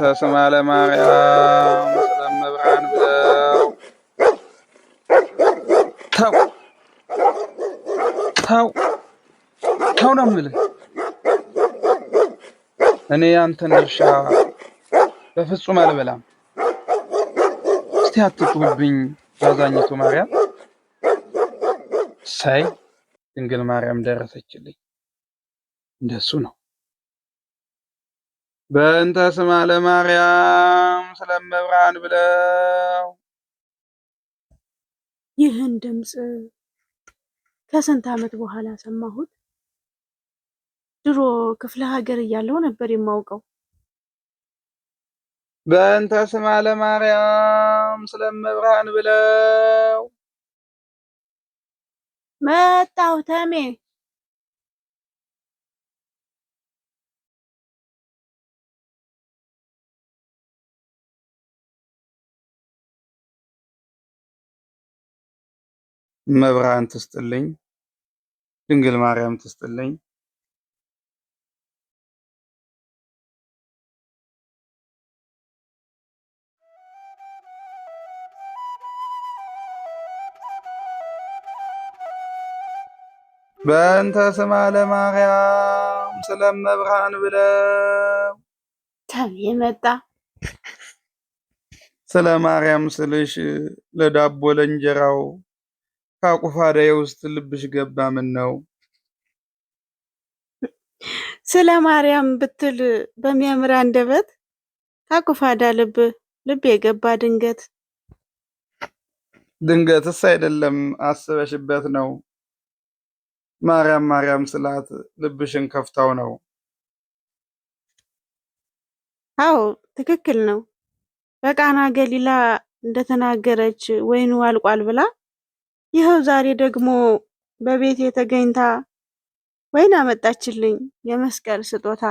ተስማ ለማርያም ስለመብራን ብለው ተው ተው ተው ነው የምልህ። እኔ ያንተን በፍጹም አልበላም። እስቲ አዛኝቱ ማርያም። ሳይ ድንግል ማርያም ደረሰችልኝ። እንደሱ ነው። በእንተ ስማ ለማርያም ስለመብርሃን ብለው ይህን ድምፅ ከስንት ዓመት በኋላ ሰማሁት። ድሮ ክፍለ ሀገር እያለሁ ነበር የማውቀው። በእንተ ስማ ለማርያም ስለመብርሃን ብለው መጣሁ ተሜ መብርሃን ትስጥልኝ፣ ድንግል ማርያም ትስጥልኝ። በእንተ ስማ ለማርያም ስለመብርሃን መብርሃን ብለው ተብ ስለ ማርያም ስልሽ ለዳቦ ለእንጀራው ካቁፋዳ ውስጥ ልብሽ ገባ። ምን ነው ስለ ማርያም ብትል በሚያምር አንደበት ከቁፋዳ ልብ ልብ የገባ ድንገት ድንገትስ አይደለም አስበሽበት ነው። ማርያም ማርያም ስላት ልብሽን ከፍታው ነው። አዎ ትክክል ነው። በቃና ገሊላ እንደተናገረች ወይኑ አልቋል ብላ ይኸው ዛሬ ደግሞ በቤቴ ተገኝታ ወይን አመጣችልኝ የመስቀል ስጦታ